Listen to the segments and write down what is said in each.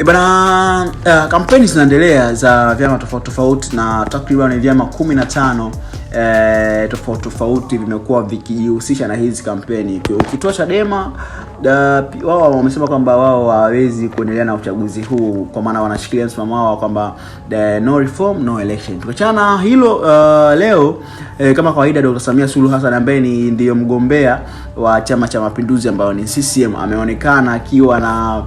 E bana, uh, kampeni zinaendelea za vyama tofauti tofauti na takriban vyama 15 eh, tofauti tofauti vimekuwa vikijihusisha na hizi kampeni. Ukitoa Chadema wao wamesema kwamba wao hawawezi kuendelea na uchaguzi huu, kwa maana wanashikilia msimamo wao kwamba eh, no reform no election. tukachana hilo uh, leo eh, kama kawaida Dr. Samia sulu Hassan ambaye ni ndiyo mgombea wa Chama cha Mapinduzi ambayo ni CCM ameonekana akiwa na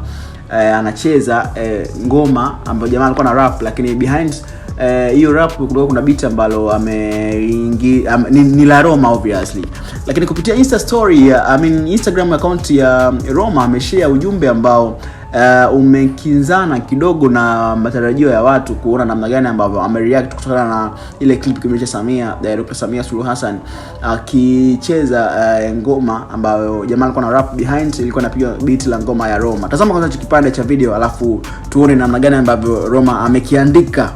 eh, anacheza eh, ngoma ambayo jamaa alikuwa na rap lakini behind eh, hiyo eh, rap kulikuwa kuna beat ambalo ameingi am, ni, ni la Roma obviously, lakini kupitia insta story I mean Instagram account ya Roma ameshare ujumbe ambao uh, umekinzana kidogo na matarajio ya watu kuona namna gani ambavyo amereact kutokana na ile clip kimesha Samia uh, eh, Dr. Samia Suluhu Hassan akicheza uh, uh, ngoma ambayo jamaa alikuwa na rap behind, ilikuwa inapiga beat la ngoma ya Roma. Tazama kwanza kipande cha video, alafu tuone namna gani ambavyo Roma amekiandika.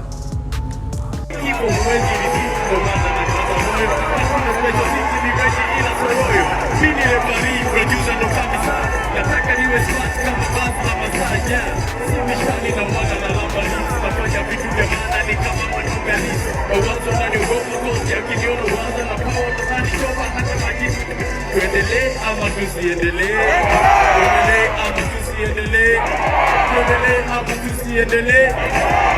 tuendelee ama tusiendelee? Tuendelee ama tusiendelee? Tuendelee ama tusiendelee?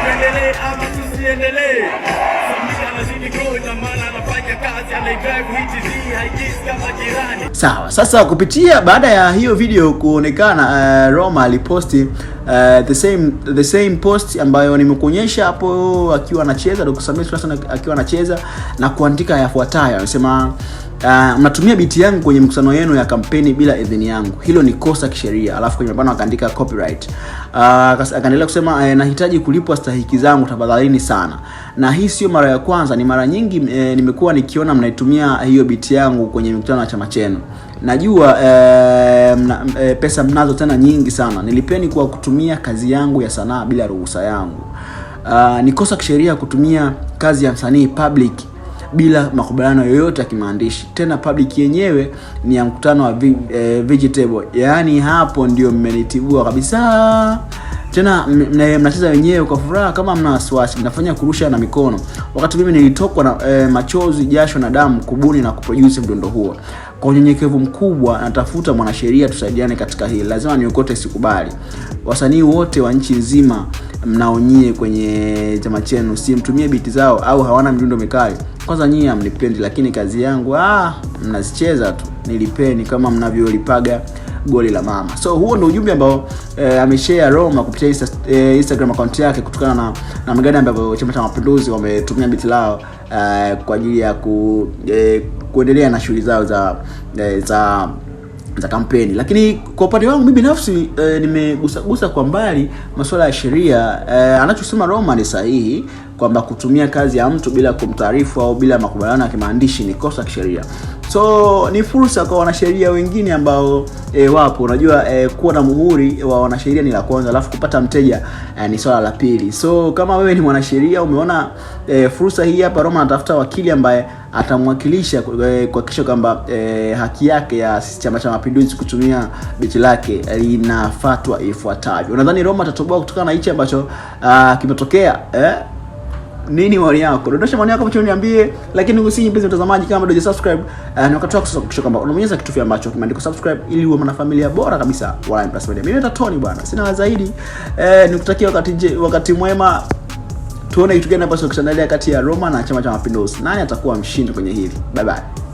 Tuendelee ama tusiendelee? Sawa, sasa kupitia baada ya hiyo video kuonekana, uh, Roma aliposti uh, the same the same post ambayo nimekuonyesha hapo akiwa anacheza Dr. Samir Suluhu akiwa anacheza na kuandika yafuatayo, anasema Uh, mnatumia biti yangu kwenye mikutano yenu ya kampeni bila idhini yangu. Hilo ni kosa kisheria. Alafu kwenye mapana akaandika copyright. Uh, akaendelea kusema uh, nahitaji kulipwa stahiki zangu tafadhalini sana. Na hii sio mara ya kwanza, ni mara nyingi uh, nimekuwa nikiona mnaitumia hiyo biti yangu kwenye mikutano ya chama chenu najua e, mna, e, pesa mnazo tena nyingi sana, nilipeni kwa kutumia kazi yangu ya sanaa bila ruhusa yangu. Uh, ni kosa kisheria kutumia kazi ya msanii public bila makubaliano yoyote ya kimaandishi. Tena public yenyewe ni ya mkutano wa vi, e, vegetable. Yaani hapo ndio mmenitibua kabisa tena mnacheza wenyewe kwa furaha kama mna wasiwasi, mnafanya kurusha na mikono, wakati mimi nilitokwa na e, machozi, jasho na damu kubuni na kuproduce mdondo huo. Kwa unyenyekevu mkubwa natafuta mwanasheria tusaidiane katika hili, lazima niokote, sikubali. Wasanii wote wa nchi nzima mnaonyie kwenye chama chenu, simtumie biti zao au hawana mdundo mikali. Kwanza nyinyi amnipendi lakini kazi yangu ah, mnazicheza tu, nilipeni kama mnavyolipaga goli la mama. So huo ndio ujumbe ambao eh, ameshare Roma kupitia insta, eh, Instagram account yake kutokana na namna ambavyo Chama cha Mapinduzi wametumia biti lao eh, kwa ajili ya ku, eh, kuendelea na shughuli zao za eh, za za kampeni. Lakini kwa upande wangu mimi binafsi e, eh, nimegusagusa kwa mbali masuala ya sheria e, anachosema Roma ni sahihi kwamba kutumia kazi ya mtu bila kumtaarifu au bila makubaliano ya kimaandishi ni kosa kisheria. So ni fursa kwa wanasheria wengine ambao e, wapo unajua e, kuwa na muhuri wa wanasheria ni la kwanza, alafu kupata mteja e, ni swala la pili. So kama wewe ni mwanasheria umeona e, fursa hii hapa, Roma anatafuta wakili ambaye atamwakilisha kuhakikisha kwamba e, haki yake ya Chama cha Mapinduzi kutumia bichi lake linafatwa ifuatavyo. Nadhani Roma atatoboa kutokana na hichi ambacho ah, kimetokea eh? nini maoni yako? Dondosha maoni yako hapo niambie, lakini usiinyi mpenzi mtazamaji, kama bado subscribe uh, eh, na wakati wako sasa kuhakikisha unamenyeza kitu kitufe ambacho kimeandikwa subscribe ili uwe familia bora kabisa wa Line Plus Media. Mimi Tony bwana, sina la zaidi eh, nikutakia wakati je, wakati mwema. Tuone kitu gani ambacho kishandalia kati ya Roma na Chama cha Mapinduzi, nani atakuwa mshindi kwenye hili? Bye bye.